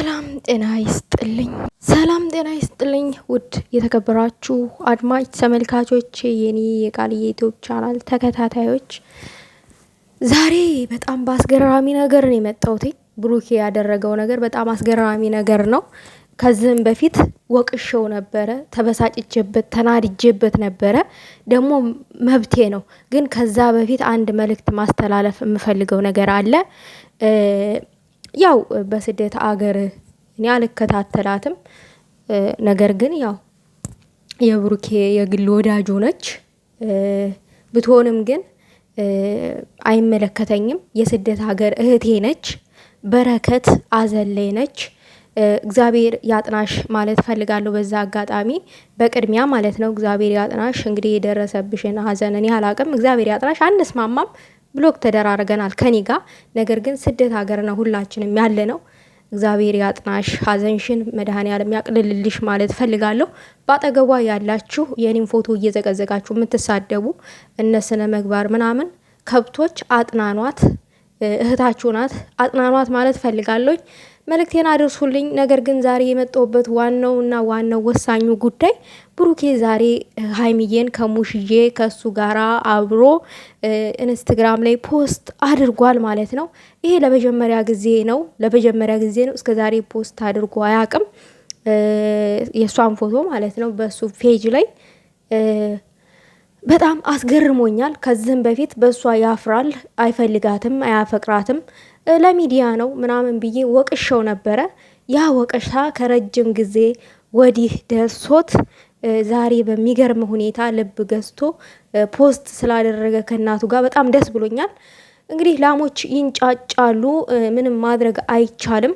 ሰላም ጤና ይስጥልኝ። ሰላም ጤና ይስጥልኝ። ውድ የተከበራችሁ አድማጭ ተመልካቾች፣ የኔ የቃል ዩቲዩብ ቻናል ተከታታዮች ዛሬ በጣም በአስገራሚ ነገር ነው የመጣሁት። ብሩኬ ያደረገው ነገር በጣም አስገራሚ ነገር ነው። ከዚህም በፊት ወቅሸው ነበረ፣ ተበሳጭጀበት ተናድጀበት ነበረ። ደግሞ መብቴ ነው። ግን ከዛ በፊት አንድ መልእክት ማስተላለፍ የምፈልገው ነገር አለ ያው በስደት አገር እኔ አልከታተላትም። ነገር ግን ያው የብሩኬ የግል ወዳጅ ሆነች ብትሆንም ግን አይመለከተኝም። የስደት ሀገር እህቴ ነች። በረከት አዘለይ ነች። እግዚአብሔር ያጥናሽ ማለት ፈልጋለሁ በዛ አጋጣሚ በቅድሚያ ማለት ነው። እግዚአብሔር ያጥናሽ። እንግዲህ የደረሰብሽን ሀዘን እኔ አላቅም። እግዚአብሔር ያጥናሽ። አንስማማም። ብሎክ ተደራርገናል ከኔ ጋ ነገር ግን ስደት ሀገር ነው ሁላችንም ያለ ነው። እግዚአብሔር ያጥናሽ፣ ሀዘንሽን መድኃኔዓለም ያቅልልልሽ ማለት ፈልጋለሁ። በአጠገቧ ያላችሁ የኔም ፎቶ እየዘቀዘቃችሁ የምትሳደቡ እነ ስነ ምግባር ምናምን ከብቶች አጥናኗት፣ እህታችሁ ናት። አጥናኗት ማለት ፈልጋለሁ። መልእክቴን አድርሱልኝ። ነገር ግን ዛሬ የመጣሁበት ዋናው እና ዋናው ወሳኙ ጉዳይ ብሩኬ ዛሬ ሀይሚዬን ከሙሽዬ ከሱ ጋራ አብሮ ኢንስትግራም ላይ ፖስት አድርጓል ማለት ነው። ይሄ ለመጀመሪያ ጊዜ ነው፣ ለመጀመሪያ ጊዜ ነው። እስከ ዛሬ ፖስት አድርጎ አያውቅም። የእሷን ፎቶ ማለት ነው በሱ ፔጅ ላይ በጣም አስገርሞኛል። ከዚህም በፊት በእሷ ያፍራል፣ አይፈልጋትም፣ አያፈቅራትም ለሚዲያ ነው ምናምን ብዬ ወቅሸው ነበረ። ያ ወቀሻ ከረጅም ጊዜ ወዲህ ደርሶት ዛሬ በሚገርም ሁኔታ ልብ ገዝቶ ፖስት ስላደረገ ከእናቱ ጋር በጣም ደስ ብሎኛል። እንግዲህ ላሞች ይንጫጫሉ፣ ምንም ማድረግ አይቻልም።